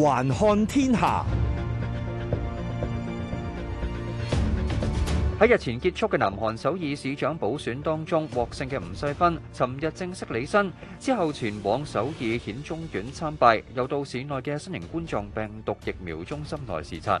環看天下。喺日前結束嘅南韓首爾市長補選當中獲，獲勝嘅吳世勛，尋日正式履新之後，前往首爾顯忠院參拜，又到市內嘅新型冠狀病毒疫苗中心內視察。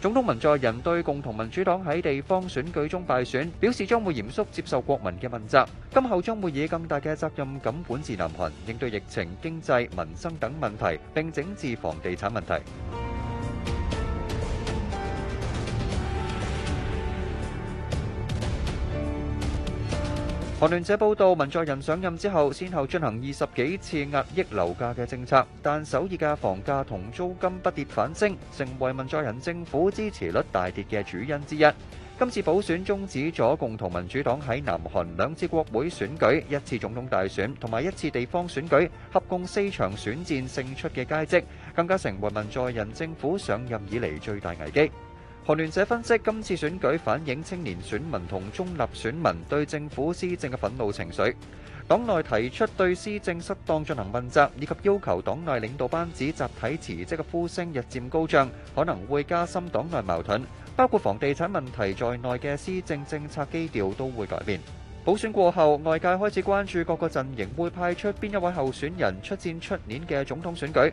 總統文在寅對共同民主黨喺地方選舉中敗選，表示將會嚴肅接受國民嘅問責，今後將會以更大嘅責任感管治南韓，應對疫情、經濟、民生等問題，並整治房地產問題。韓聯社報道，文在寅上任之後，先後進行二十幾次壓抑樓價嘅政策，但首爾嘅房價同租金不跌反升，成為文在寅政府支持率大跌嘅主因之一。今次補選終止咗共同民主黨喺南韓兩次國會選舉、一次總統大選同埋一次地方選舉，合共四場選戰勝出嘅佳績，更加成為文在寅政府上任以嚟最大危機。韓聯社分析，今次選舉反映青年選民同中立選民對政府施政嘅憤怒情緒，黨內提出對施政失當進行問責以及要求黨內領導班子集體辭職嘅呼聲日漸高漲，可能會加深黨內矛盾，包括房地產問題在內嘅施政政策基調都會改變。補選過後，外界開始關注各個陣營會派出邊一位候選人出戰出年嘅總統選舉。